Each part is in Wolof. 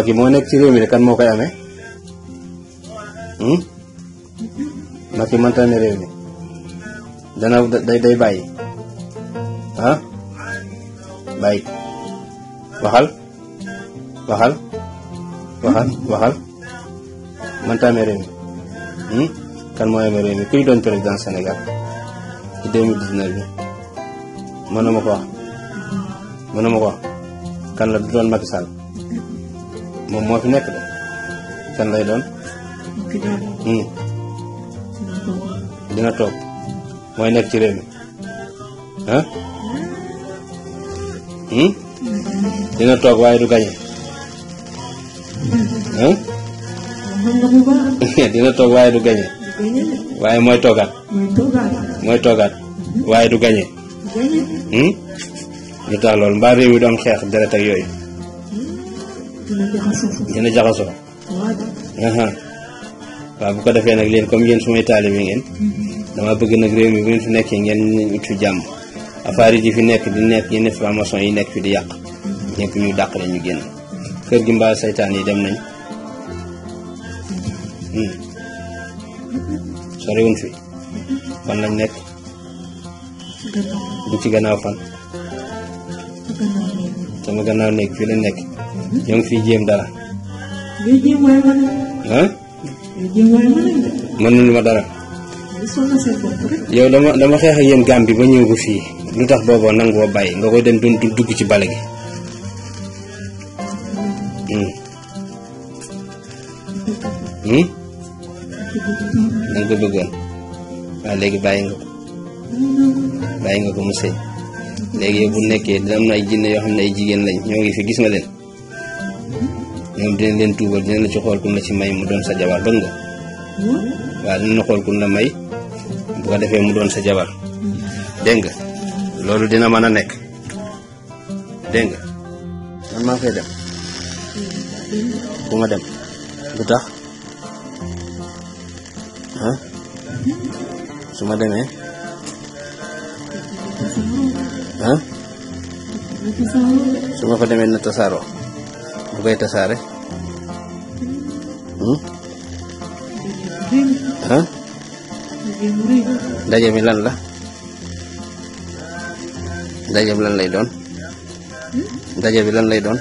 yi moo nekk ci réew mi de kan moo koy amee hmm? Macky mënta ne réew mi dana day day bàyyi ah bàyyi waxal waxal waxal waxal mënta amee réew mi hmm? kan moo amee réew mi kuy doon président Sénégal ci 2019 bi mën na ma ko wax mën ko kan la du doon Macky Sall moom moo fi nekk de kan lay kan? ya? iya. hmm dina toog mooy nekk ci réew mi hmm dina toog waaye du gañe ah dina toog waaye du gañe waaye mooy toogaat mooy toogaat waaye du gañe hmm tax loolu mbaa réew yi doon xeex deret ak gën a jaxasoo uh-huh. waaw bu ko defee nag leen comme yéen sumay taalibe ngeen mm-hmm. dama bëgg nag réew mi bu nekkee ngeen ut fi jàmm affaire yi fi nekk di nekk yenn formation yi nekk fi di yàq mm-hmm. dàq la ñu génn kër gi yi dem nañ mm-hmm. hmm. lañ nekk bu ci gannaaw fan sama gannaaw néeg fii la nekk ñoo ngi fiy jéem dara. luy jéem waaye na. ma dara. yow dama dama xeex ak yéen ba ñëw ba fii lu tax booboo nangoo bàyyi nga koy dem doon dugg ci bale gi. da hmm. hmm? nga ko bëggoon waaw léegi bàyyi nga ko bàyyi nga ko mu sëy léegi yow bu nekkee dina am ay jinne yoo xam ne ay jigéen lañ ñoo ngi fi gis nga leen. ñoom dinañ leen tuubal dinañ la ci xool kun la ci may mu doon sa jabar dëgg nga hmm? waaw dinañ la xool kun la may bu ko defee mu doon sa jabar dégg nga loolu dina mën a nekk dégg nga man maa fay dem bu ma dem lu tax su ma demee ah su ma fa demee na tasaaroo bu koy tasaare Hmm? Hah? Dah jam lah. Dah jam lagi don. Dah jam lagi don.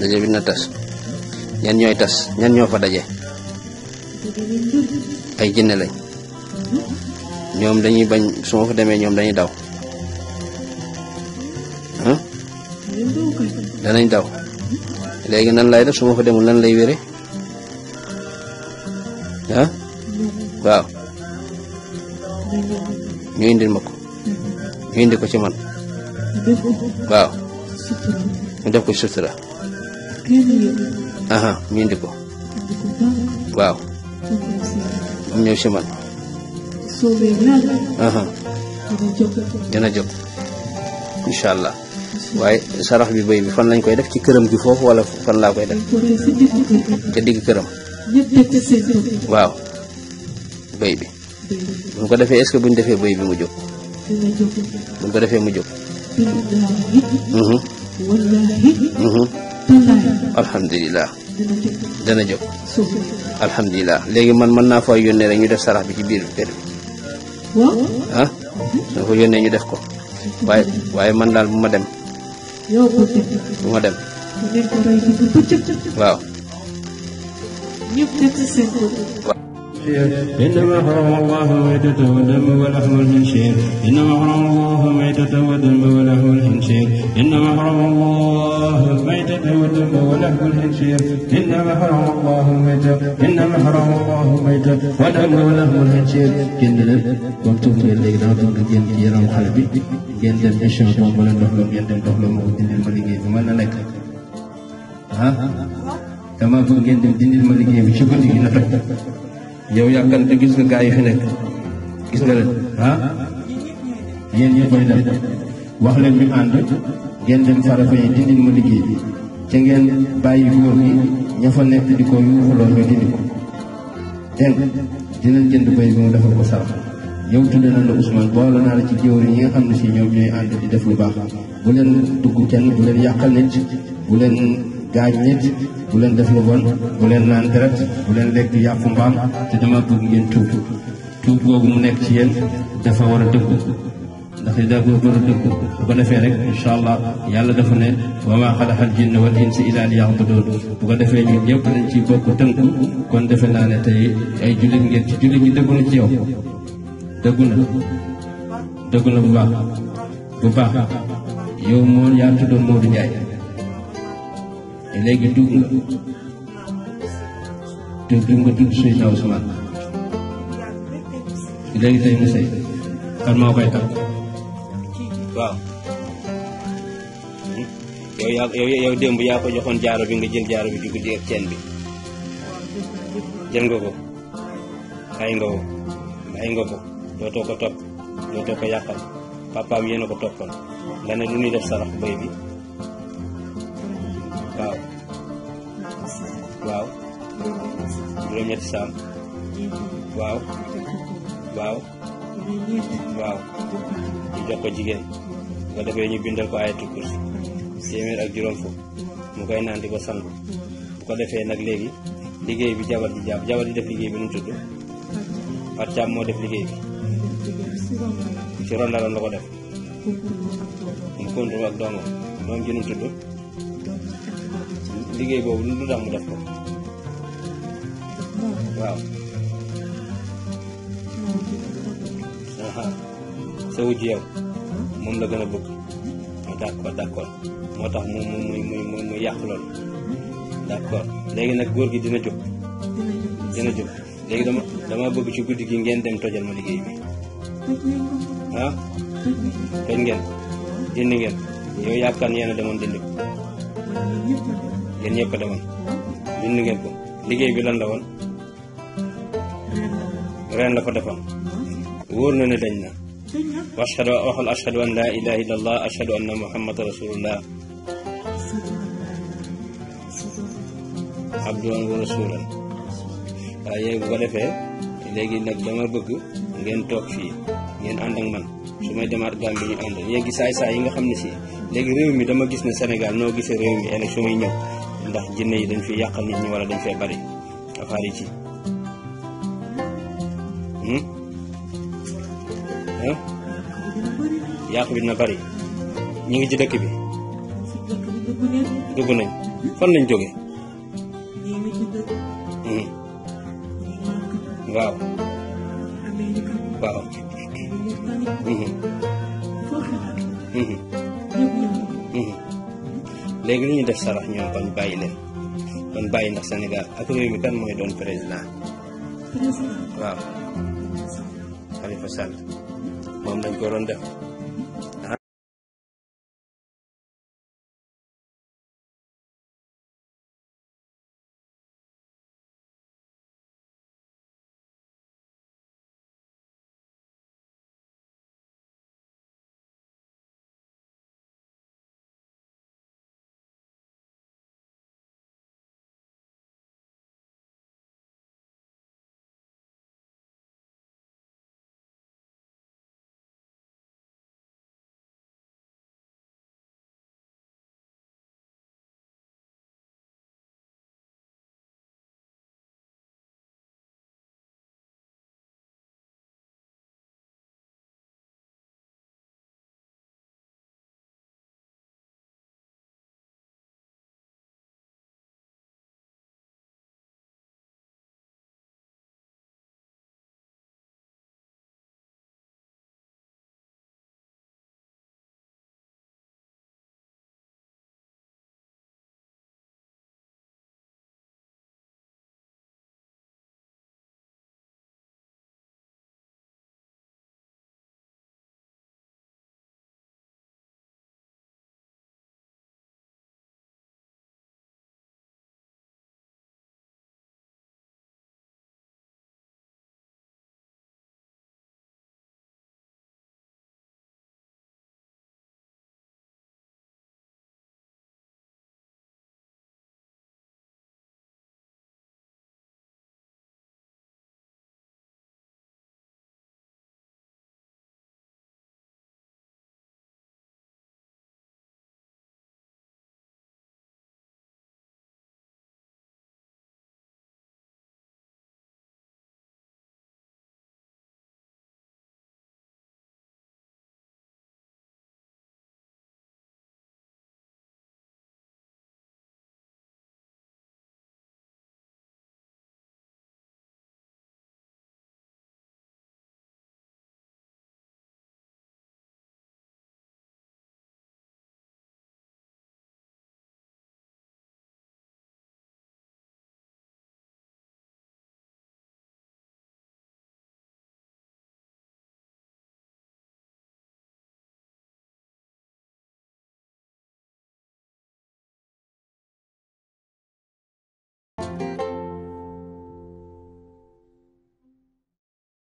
Dah jam 9 atas. Yang ñoy tas, yang ñoo pada je. Ay jinne lañ. Ñoom dañuy bañ suma fa démé daw. danañ daw léegi nan lay def su ma fa demul lan lay wére ah waaw ñu indil ma ko ñu indi ko ci man waaw ñu def ko sutura aha ñu indi ko waaw mu ñëw ci man aha dina jóg incha allah way sarax bi bay bi fan lañ koy def ci kërëm gi fofu wala fan la koy def ci digg kërëm waaw bay bi bu ko defé est-ce buñ defé bay bi mu jox bu ko defé mu jox hmm hmm alhamdulilah dana jox alhamdulilah légui man man na fa yone rek ñu def sarax bi ci biir kër bi ha dafa yone ñu def ko waye waye man dal buma dem yóbbu bu ma dem. dinañ ko rey bu waaw. إنما حرم الله الميتة والدم ولحم الخنزير إنما حرم الله الميتة والدم ولحم الخنزير إنما حرم الله الميتة والدم ولحم الخنزير إنما حرم الله ميتة إنما حرم الله ميتة والدم ولحم الخنزير جندل وانتم اللي ناظر جن جيران حلبي جندل إيش هو ولا نحلم جندل نحلم وجندل ملقي وما لك ها كما قلت جندل دين الملقي بشكل نفسك yow yàkkante gis nga gaa yi fi nekk gis nga leen ah yéen ñi koy def wax leen ñu ànd ngeen dem farafe yi dindin ma liggéey bi te ngeen bàyyi góor gi ña fa nekk di ko yuuxuloo ñu dindi ko dégg dinañ jënd bay bi mu defal ko sarax yow na la Ousmane boole naa la ci jiwri ñi nga xam ne si ñoom ñooy ànd di def lu baax bu leen dugg kenn bu leen yàqal nit bu leen gaañ nit bu leen def lu bon bu leen naan deret bu leen lekk yàqu mbaam te dama bëgg ngeen tuub tuub boobu mu nekk ci yéen dafa war a dëggu ndax li daa góor-góor a dëggu bu ko defee rek incha allah yàlla dafa ne wa maa xalaxal jinna wal insa illaa liya'buduun bu ko defee ñun ñëpp dañ ciy bokk tënku kon defe naa ne tey ay jullit ngeen ci jullit ñi dëggu na ci yow dëggu na dëggu na bu baax bu baax yow moom doon tuddoon Modou Ndiaye E léegi dugg dugg bi nga dugg suy naaw sama léegi tey mu sëy moo koy takk waaw yow yaa yow yow démb yaa ko joxoon jaaro bi nga jël jaaro bi di ko déer ceen bi jël nga ko bàyyi nga ko bàyyi nga ko dootoo ko topp dootoo ko yàqal papaam yéen ko toppal nga ne lu ñuy def sarax bay bi ñetti saam waaw waaw waaw jox ko jigéen nga defee ñu bindal ko ayatul kursi téeméer ak juróom fukk mu koy naan di ko sangu bu ko defee nag léegi liggéey bi jabar ji jabar ji def liggéey bi nu mu tudd Fatou moo def liggéey bi ci ron la ko def mu kontu ak doomam doom ji nu tudd liggéey boobu lu tax mu def ko waaw. sa wujj yow moom la gën a bëgg ah, d'accord d'accord moo tax mu mu mu mu yàq loolu d'accord léegi nag góor gi dina jóg dina jóg léegi dama dama bëgg ci guddi gi ngeen dem tojal ma liggéey bi ah toj ngeen dindi ngeen yow yaakaar yéen a demoon dindi ko yéen ñëpp a dindi ngeen ko liggéey bi lan la woon غين لفو دفو وور نوني واشهد اوحل اشهد ان لا اله الا الله اشهد ان محمد رسول الله عبدون ورسولا آه، اي بو دفه لغي نك داما بوك غين توك في غين اندك مان سومي دمار دام بي اند يغي ساي ساي ييغا خامني سي لغي ريو مي داما غيس ني سنغال نو غيس ريو مي الكسيون يعني مي نيو ndax jinne yi dañ fi yàqal nit ñi wala dañ fay bari affaire yi ci yàqu bi na bari ñu ngi ci dëkk bi dugg nañ fan lañ jógee mhm. waaw mhm. Mhm. léegi lu ñu def sarax ñoom kon bàyyi leen kon bàyyi ndax Sénégal ak réew mi kan mooy doon président waaw Xalifa Sall moom lañ ko doon def